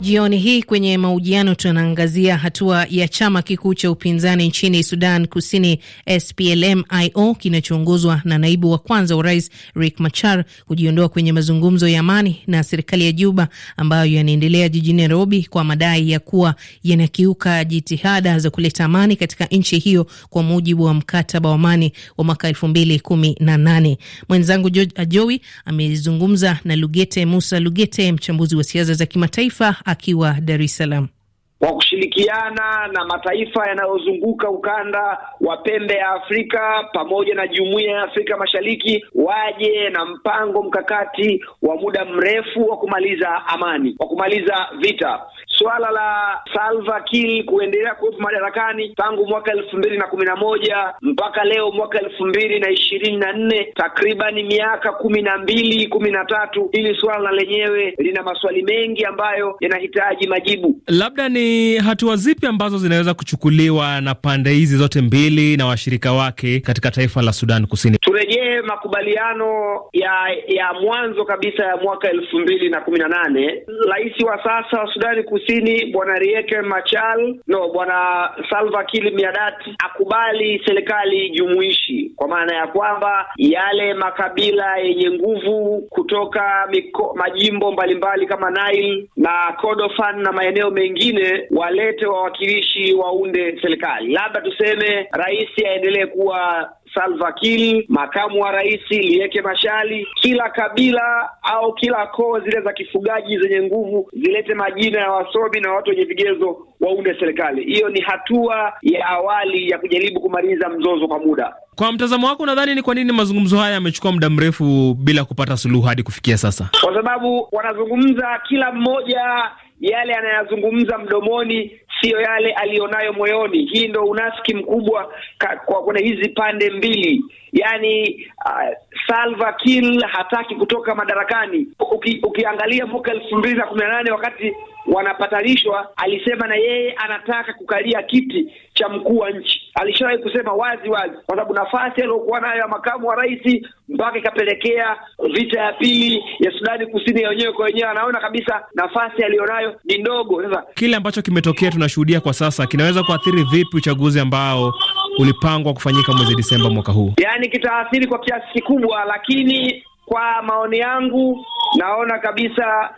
Jioni hii kwenye mahojiano tunaangazia hatua ya chama kikuu cha upinzani nchini Sudan Kusini, splmio kinachoongozwa na naibu wa kwanza wa rais Riek Machar kujiondoa kwenye mazungumzo ya amani na serikali ya Juba ambayo yanaendelea jijini Nairobi kwa madai ya kuwa yanakiuka jitihada za kuleta amani katika nchi hiyo kwa mujibu wa mkataba wa amani wa mwaka elfu mbili kumi na nane. Mwenzangu George Ajowi amezungumza na Lugete Musa Lugete, mchambuzi wa siasa za kimataifa akiwa Dar es kwa kushirikiana na mataifa yanayozunguka ukanda wa pembe ya Afrika pamoja na Jumuiya ya Afrika Mashariki waje na mpango mkakati wa muda mrefu wa kumaliza amani, wa kumaliza vita. Suala la Salva Kiir kuendelea kuwepo madarakani tangu mwaka elfu mbili na kumi na moja mpaka leo mwaka elfu mbili na ishirini na nne takribani miaka kumi na mbili kumi na tatu hili suala na lenyewe lina maswali mengi ambayo yanahitaji majibu. Labda ni hatua zipi ambazo zinaweza kuchukuliwa na pande hizi zote mbili na washirika wake katika taifa la Sudan Kusini? Turejee makubaliano ya ya mwanzo kabisa ya mwaka elfu mbili na kumi na nane. Rais wa sasa wa Sudani Kusini Bwana Riek Machar, no, Bwana Salva Kiir Mayardit akubali serikali jumuishi, kwa maana ya kwamba yale makabila yenye nguvu kutoka miko, majimbo mbalimbali mbali kama Nile na Kordofan na maeneo mengine walete wawakilishi waunde serikali. Labda tuseme rais aendelee kuwa Salva Kiir, makamu wa rais Lieke mashali Kila kabila au kila koo zile za kifugaji zenye nguvu zilete majina ya wasomi na watu wenye vigezo waunde serikali. Hiyo ni hatua ya awali ya kujaribu kumaliza mzozo kwa muda. Kwa mtazamo wako, unadhani ni kwa nini mazungumzo haya yamechukua muda mrefu bila kupata suluhu hadi kufikia sasa? Kwa sababu wanazungumza, kila mmoja yale anayazungumza mdomoni siyo yale aliyonayo moyoni. Hii ndo unafiki mkubwa kwa kuna hizi pande mbili, yaani uh, Salva kill hataki kutoka madarakani. Uki, ukiangalia mwaka elfu mbili na kumi na nane wakati wanapatalishwa, alisema na yeye anataka kukalia kiti cha mkuu wa nchi. Alishawahi kusema wazi wazi, kwa sababu nafasi aliyokuwa nayo ya makamu wa rais mpaka ikapelekea vita ya pili ya Sudani Kusini ya wenyewe kwa wenyewe, anaona kabisa nafasi aliyonayo ni ndogo. Sasa kile ambacho kimetokea, tunashuhudia kwa sasa, kinaweza kuathiri vipi uchaguzi ambao ulipangwa kufanyika mwezi Desemba mwaka huu? Yaani kitaathiri kwa kiasi kikubwa, lakini kwa maoni yangu naona kabisa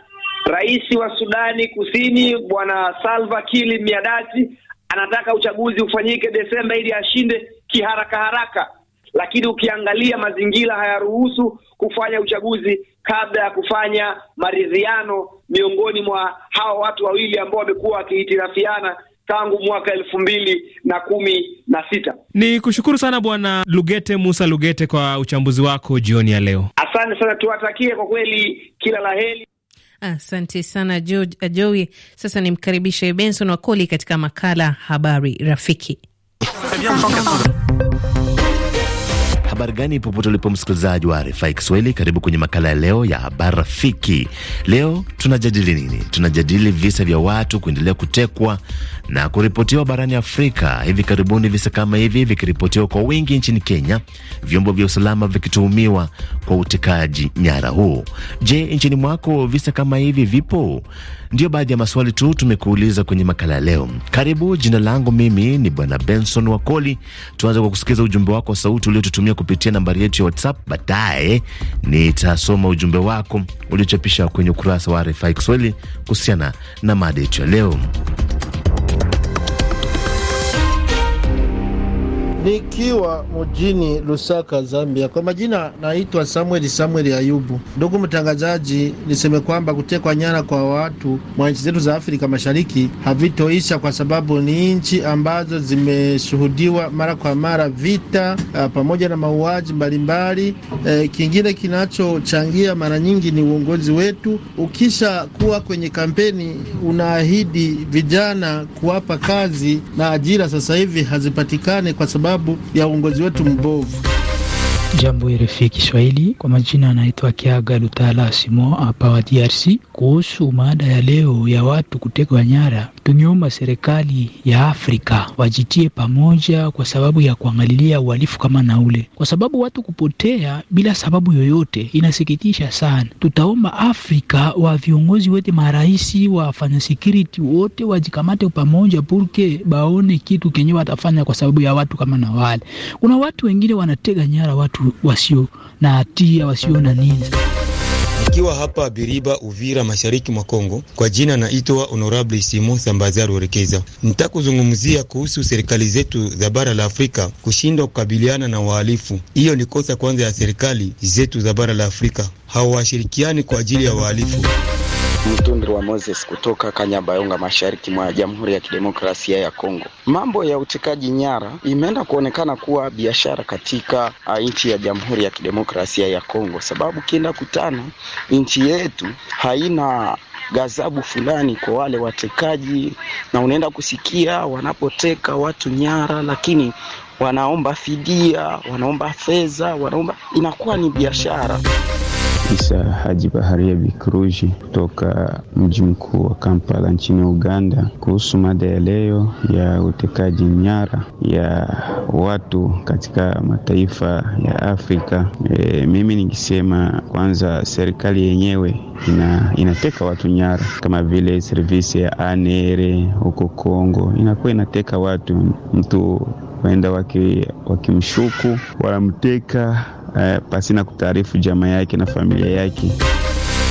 Rais wa Sudani Kusini Bwana Salva Kiir Miadati anataka uchaguzi ufanyike Desemba ili ashinde kiharaka haraka, lakini ukiangalia mazingira hayaruhusu kufanya uchaguzi kabla ya kufanya maridhiano miongoni mwa hawa watu wawili ambao wamekuwa wakihitirafiana tangu mwaka elfu mbili na kumi na sita. Ni kushukuru sana Bwana Lugete Musa Lugete kwa uchambuzi wako jioni ya leo. Asante sana, tuwatakie kwa kweli kila la heri. Asante sana George Ajowi. Eh, Sasa nimkaribishe Benson Wakoli katika makala Habari Rafiki. Habari gani popote ulipo msikilizaji wa RFI Kiswahili, karibu kwenye makala ya leo ya habari rafiki. Leo tunajadili nini? Tunajadili visa vya watu kuendelea kutekwa na kuripotiwa barani Afrika. Hivi karibuni visa kama hivi vikiripotiwa kwa wingi nchini Kenya, vyombo vya usalama vikituhumiwa kwa utekaji nyara huu. Je, nchini mwako visa kama hivi vipo? Ndiyo baadhi ya maswali tu tumekuuliza kwenye makala ya leo. Karibu, jina langu mimi ni Bwana Benson Wakoli. Tuanze kwa kusikiliza ujumbe wako wa sauti uliotutumia kupitia nambari yetu ya WhatsApp. Baadaye nitasoma ujumbe wako uliochapisha kwenye ukurasa wa RFI Kiswahili kuhusiana na mada yetu ya leo. nikiwa mjini Lusaka, Zambia. Kwa majina naitwa Samuel Samuel Ayubu. Ndugu mtangazaji, niseme kwamba kutekwa nyara kwa watu mwa nchi zetu za Afrika Mashariki havitoisha kwa sababu ni nchi ambazo zimeshuhudiwa mara kwa mara vita a, ah, pamoja na mauaji mbalimbali. E, kingine kinachochangia mara nyingi ni uongozi wetu. Ukisha kuwa kwenye kampeni unaahidi vijana kuwapa kazi na ajira, sasa hivi hazipatikane kwa sababu sababu ya uongozi wetu mbovu. Jambo RFI Kiswahili, kwa majina anaitwa Kiaga Lutala Simo hapa wa DRC. Kuhusu maada ya leo ya watu kutekwa nyara, tungeomba serikali ya Afrika wajitie pamoja kwa sababu ya kuangalilia uhalifu kama na ule, kwa sababu watu kupotea bila sababu yoyote inasikitisha sana. Tutaomba Afrika wa viongozi wote, maraisi, wafanya security wote wajikamate pamoja, purke baone kitu kenye watafanya kwa sababu ya watu kama na wale. Kuna watu wengine wanatega nyara watu watu wasio na hatia, wasio na nini. ikiwa hapa Biriba, Uvira, mashariki mwa Kongo. Kwa jina naitwa Honorable Simo Sambazaru Werekeza. Nitakuzungumzia kuhusu serikali zetu za bara la Afrika kushindwa kukabiliana na wahalifu. Hiyo ni kosa kwanza ya serikali zetu za bara la Afrika, hawashirikiani kwa ajili ya wahalifu. Mtundri wa Moses kutoka Kanyabayonga, mashariki mwa Jamhuri ya Kidemokrasia ya Kongo. Mambo ya utekaji nyara imeenda kuonekana kuwa biashara katika nchi ya Jamhuri ya Kidemokrasia ya Kongo, sababu kienda kutana nchi yetu haina gazabu fulani kwa wale watekaji, na unaenda kusikia wanapoteka watu nyara, lakini wanaomba fidia, wanaomba fedha, wanaomba inakuwa ni biashara. Isa Haji Baharia Bikruji kutoka mji mkuu wa Kampala nchini Uganda kuhusu mada ya leo ya utekaji nyara ya watu katika mataifa ya Afrika. E, mimi nikisema kwanza serikali yenyewe ina, inateka watu nyara kama vile servisi ya ANR huko Kongo inakuwa inateka watu, mtu waenda wakimshuku waki wanamteka Eh, pasina kutaarifu jamaa yake na familia yake.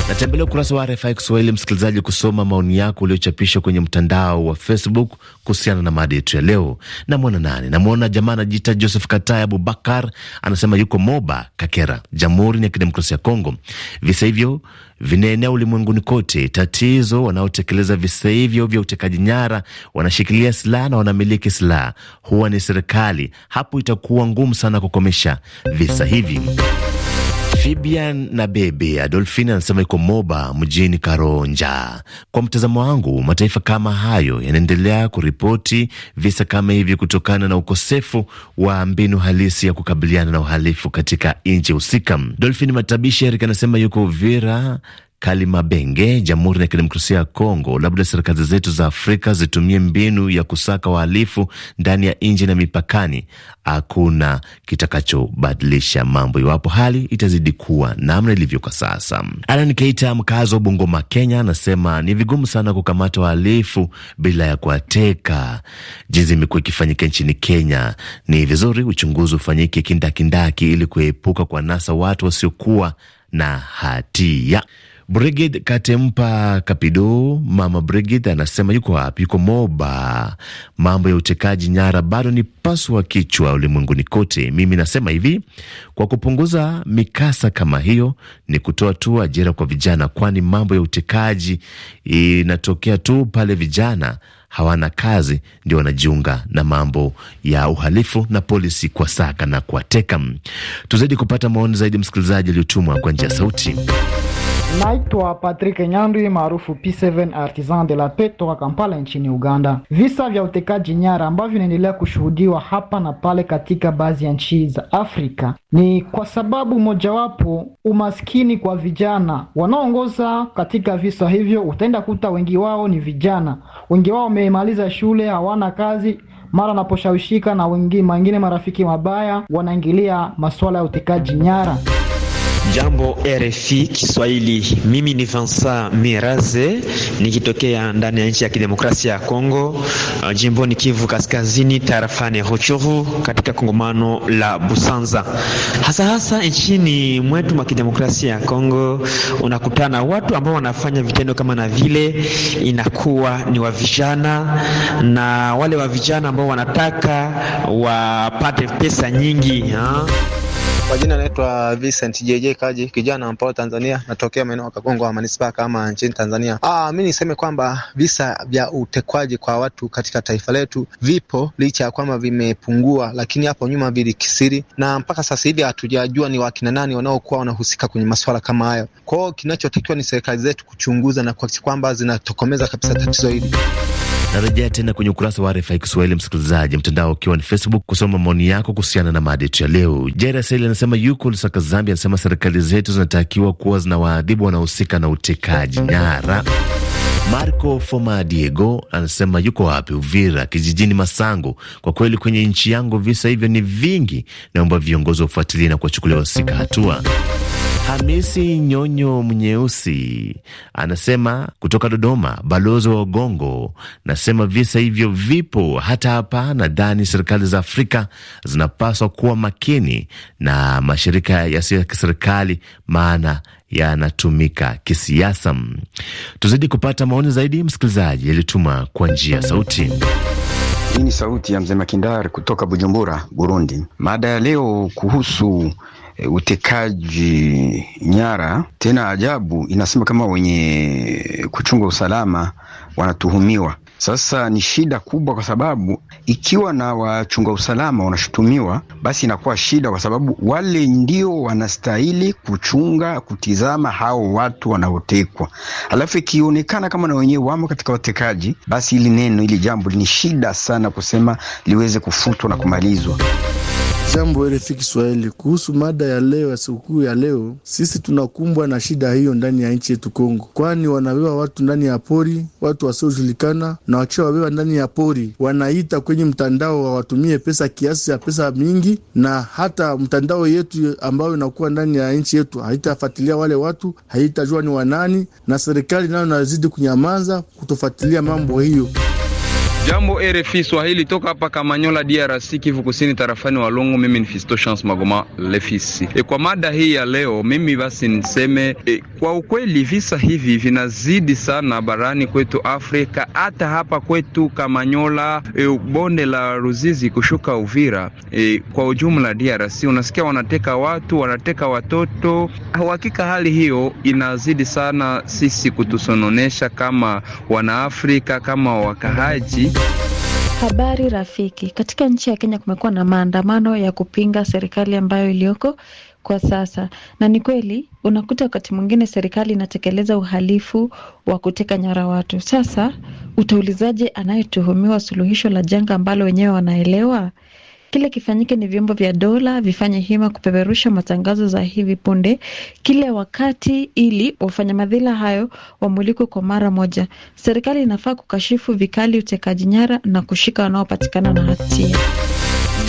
Natembelea ukurasa wa RFI Kiswahili, msikilizaji, kusoma maoni yako uliochapishwa kwenye mtandao wa Facebook kuhusiana na mada yetu ya leo. Namwona nani? Namwona jamaa anajiita Joseph Katai Abubakar, anasema yuko Moba Kakera, Jamhuri ya Kidemokrasia ya Kongo. Visa hivyo vinaenea ulimwenguni kote. Tatizo, wanaotekeleza visa hivyo vya utekaji nyara wanashikilia silaha na wanamiliki silaha huwa ni serikali. Hapo itakuwa ngumu sana kukomesha visa hivi. Fibian na Bebe Adolfine anasema iko Moba mjini Karonja. Kwa mtazamo wangu, mataifa kama hayo yanaendelea kuripoti visa kama hivi kutokana na ukosefu wa mbinu halisi ya kukabiliana na uhalifu katika nchi husika. Dolfin Matabishi Erik anasema yuko Uvira Kalimabenge, Jamhuri ya Kidemokrasia ya Kongo. Labda serikali zetu za Afrika zitumie mbinu ya kusaka wahalifu ndani ya nje na mipakani. Hakuna kitakachobadilisha mambo iwapo hali itazidi kuwa namna ilivyo kwa sasa. Alan Keita, mkazi wa Bungoma, Kenya, anasema ni vigumu sana kukamata wahalifu bila ya kuwateka. Jinsi imekuwa ikifanyika nchini Kenya, ni vizuri uchunguzi ufanyike kindakindaki, ili kuepuka kwa nasa watu wasiokuwa na hatia. Brigid Katempa Kapido, mama Brigid, anasema yuko wapi? Yuko Moba. Mambo ya utekaji nyara bado ni paswa kichwa ulimwenguni kote. Mimi nasema hivi, kwa kupunguza mikasa kama hiyo ni kutoa tu ajira kwa vijana, kwani mambo ya utekaji inatokea tu pale vijana hawana kazi ndio wanajiunga na mambo ya uhalifu na polisi kwa saka na kuwateka. Tuzidi kupata maoni zaidi, msikilizaji aliyotumwa kwa njia ya sauti. Naitwa Patrick Nyandwi maarufu P7 Artisan de la Paix toka Kampala nchini Uganda. Visa vya utekaji nyara ambavyo vinaendelea kushuhudiwa hapa na pale katika baadhi ya nchi za Afrika ni kwa sababu mojawapo umaskini kwa vijana. Wanaoongoza katika visa hivyo, utaenda kuta wengi wao ni vijana, wengi wao wamemaliza shule, hawana kazi mara wanaposhawishika na wengine marafiki mabaya wanaingilia masuala ya utekaji nyara. Jambo RFI Kiswahili, mimi ni Vansa Miraze nikitokea ndani ya nchi ya kidemokrasia ya Kongo, uh, jimboni Kivu Kaskazini, tarafani Ruchuru, katika kongamano la Busanza. Hasa hasa nchini mwetu mwa kidemokrasia ya Kongo unakutana watu ambao wanafanya vitendo kama na vile inakuwa ni wa vijana na wale wa vijana ambao wanataka wapate pesa nyingi ha? Kwa jina naitwa Vincent JJ Kaji, kijana mpao Tanzania, natokea maeneo ya Kagongo wa manispaa kama nchini Tanzania. Ah, mimi niseme kwamba visa vya utekwaji kwa watu katika taifa letu vipo, licha ya kwamba vimepungua, lakini hapo nyuma vilikisiri, na mpaka sasa hivi hatujajua ni wakina nani wanaokuwa wanahusika kwenye masuala kama hayo. Kwa hiyo kinachotakiwa ni serikali zetu kuchunguza na kuhakikisha kwamba zinatokomeza kabisa tatizo hili. Narejea tena kwenye ukurasa wa RFI Kiswahili, msikilizaji, mtandao ukiwa ni Facebook, kusoma maoni yako kuhusiana na mada yetu ya leo. Jerasel anasema yuko Lusaka, Zambia, anasema serikali zetu zinatakiwa kuwa zinawaadhibu wanahusika na utekaji nyara. Marco Foma Diego anasema yuko wapi? Uvira kijijini Masango. Kwa kweli kwenye nchi yangu visa hivyo ni vingi, naomba viongozi wafuatilie na kuwachukulia wahusika hatua. Hamisi Nyonyo Mnyeusi anasema kutoka Dodoma, balozi wa Ugongo, nasema visa hivyo vipo hata hapa. Nadhani serikali za Afrika zinapaswa kuwa makini na mashirika yasiyo ya kiserikali, maana yanatumika kisiasa. Tuzidi kupata maoni zaidi, msikilizaji yalituma kwa njia sauti. Hii ni sauti ya mzee Makindari kutoka Bujumbura, Burundi. Mada ya leo kuhusu e, utekaji nyara. Tena ajabu inasema kama wenye kuchunga usalama wanatuhumiwa. Sasa ni shida kubwa, kwa sababu ikiwa na wachunga usalama wanashutumiwa, basi inakuwa shida, kwa sababu wale ndio wanastahili kuchunga, kutizama hao watu wanaotekwa. Alafu ikionekana kama na wenyewe wamo katika watekaji, basi hili neno, hili jambo ni shida sana kusema liweze kufutwa na kumalizwa. Jambo RFI Kiswahili, kuhusu mada ya leo ya sikukuu ya leo, sisi tunakumbwa na shida hiyo ndani ya nchi yetu Kongo, kwani wanabeba watu ndani ya pori, watu wasiojulikana, na wachia wabeba ndani ya pori wanaita kwenye mtandao wawatumie pesa kiasi ya pesa mingi, na hata mtandao yetu ambayo inakuwa ndani ya nchi yetu haitafuatilia wale watu, haitajua ni wanani, na serikali nayo inazidi kunyamaza kutofuatilia mambo hiyo. Jambo RFI Swahili toka hapa Kamanyola, DRC, Kivu Kusini, tarafani walungu Mimi ni Fisto Chance Magoma Lefisi. E, kwa mada hii ya leo, mimi basi niseme e, kwa ukweli visa hivi vinazidi sana barani kwetu Afrika, hata hapa kwetu Kamanyola, e, bonde la Ruzizi kushuka Uvira. E, kwa ujumla DRC unasikia wanateka watu, wanateka watoto. Hakika hali hiyo inazidi sana sisi kutusononesha kama Wanaafrika, kama wakahaji Habari rafiki, katika nchi ya Kenya kumekuwa na maandamano ya kupinga serikali ambayo iliyoko kwa sasa, na ni kweli unakuta wakati mwingine serikali inatekeleza uhalifu wa kuteka nyara watu. Sasa utaulizaje anayetuhumiwa suluhisho la janga ambalo wenyewe wanaelewa? Kile kifanyike ni vyombo vya dola vifanye hima kupeperusha matangazo za hivi punde kila wakati, ili wafanya madhila hayo wamulikwe kwa mara moja. Serikali inafaa kukashifu vikali utekaji nyara na kushika wanaopatikana na hatia.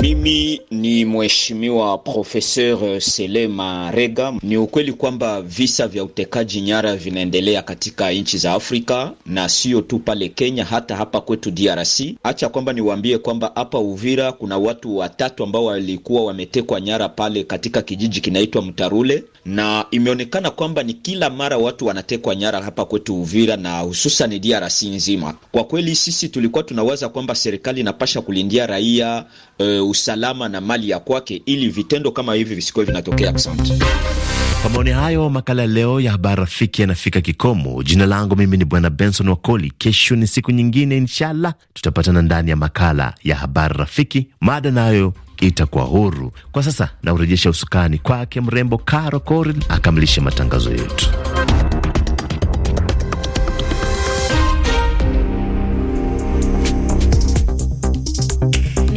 Mimi ni mheshimiwa Profeseur Selema Rega. Ni ukweli kwamba visa vya utekaji nyara vinaendelea katika nchi za Afrika na sio tu pale Kenya, hata hapa kwetu DRC. Acha kwamba niwaambie kwamba hapa Uvira kuna watu watatu ambao walikuwa wametekwa nyara pale katika kijiji kinaitwa Mtarule, na imeonekana kwamba ni kila mara watu wanatekwa nyara hapa kwetu Uvira na hususan DRC nzima. Kwa kweli sisi tulikuwa tunawaza kwamba serikali inapasha kulindia raia e, usalama na mali ya kwake ili vitendo kama hivi visikuwe vinatokea. Asante. Kwa maoni hayo, makala leo ya habari rafiki yanafika kikomo. Jina langu mimi ni Bwana Benson Wakoli. Kesho ni siku nyingine, inshallah tutapatana ndani ya makala ya habari rafiki, mada nayo itakuwa huru. Kwa sasa naurejesha usukani kwake mrembo Caro Corin akamilishe matangazo yetu.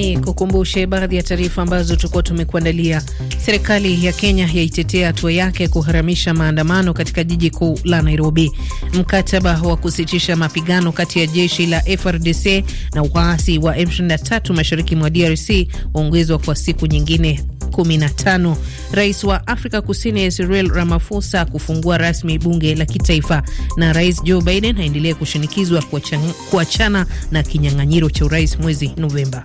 ni kukumbushe baadhi ya taarifa ambazo tulikuwa tumekuandalia. Serikali ya Kenya yaitetea hatua yake ya kuharamisha maandamano katika jiji kuu la Nairobi. Mkataba wa kusitisha mapigano kati ya jeshi la FRDC na waasi wa M23 mashariki mwa DRC waongezwa kwa siku nyingine 15. Rais wa Afrika Kusini Cyril Ramaphosa kufungua rasmi bunge la kitaifa, na Rais Joe Biden aendelea kushinikizwa kuachana na kinyang'anyiro cha urais mwezi Novemba.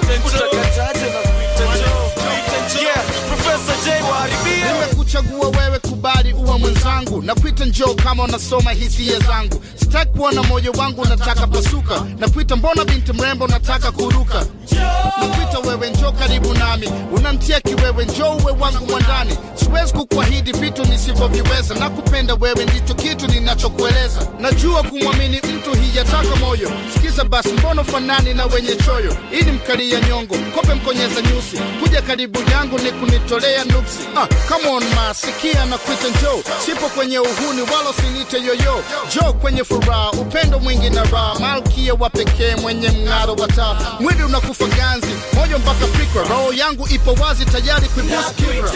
wangu na kuita njo kama unasoma hisia zangu sitaki kuona moyo wangu nataka pasuka na kuita mbona binti mrembo nataka kuruka nakuita wewe njo karibu nami unamtia kiwewe njo uwe wangu mwandani siwezi kukuahidi vitu nisivyoviweza na kupenda wewe ndicho kitu ninachokueleza najua kumwamini mtu hiyataka moyo sikiza basi mbono fanani na wenye choyo ili ya nyongo kope mkonyeza nyusi kuja karibu yangu ni kunitolea nuksi ah, come on ma sikia na kuita njo sipo kwenye uhuni wala sinite yoyo jo kwenye furaha upendo mwingi na raha malkia wa pekee mwenye mng'aro wa taa mwili unakufa ganzi moyo mpaka fikra roho yangu ipo wazi tayari kuibusu kibra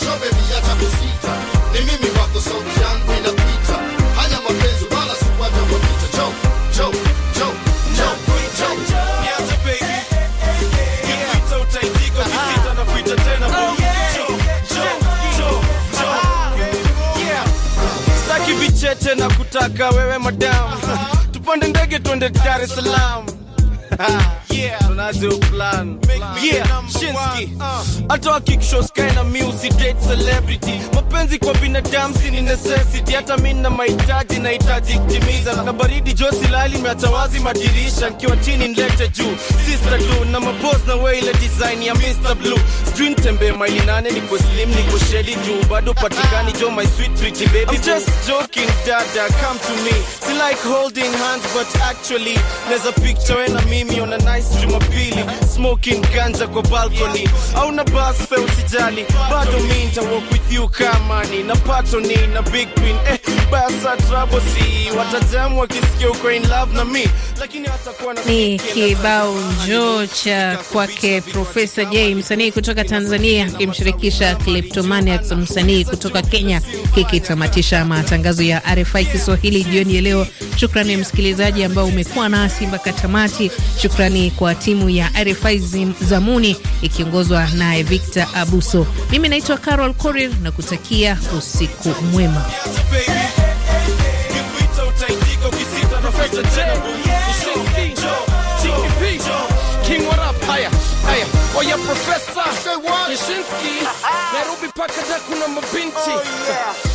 jo kusita ni mimi wako sauti yangu inakuita tena kutaka wewe madam, tupande ndege twende Dar es Salaam. Uh. hata na music date celebrity. Mapenzi kwa binadamu si ni necessity, hata mimi na mahitaji nahitaji kutimiza, na baridi josi lali imeacha wazi madirisha, nikiwa chini nilete juu sister do na mapose na wewe ile design ya Mr Blue, sijui nitembee maili nane, niko slim niko sheli juu bado patikani jo, my sweet pretty baby, I'm just joking dada, come to me, si like holding hands but actually there's a picture na mimi on a nice nice Jumapili, smoking ganja kwa balcony au na bus fe usijali, bado mi nita walk with you eh, kama ni na patoni na big pin eh, basa trouble si watajamu wakisikia uko in love na mi, lakini hatakuwa na ni kibao njoo cha kwake Profesa J, msanii kutoka Tanzania akimshirikisha Kleptomaniacs, msanii kutoka Kenya, kikitamatisha matangazo ya RFI Kiswahili jioni ya leo. Shukrani msikilizaji ambao umekuwa nasi mpaka tamati. Shukrani kwa timu ya RFI Zamuni ikiongozwa naye Victor Abuso. Mimi naitwa Carol Korir na kutakia usiku mwema. Oya Professor Nishinski, Nairobi paka da kuna mabinti oh,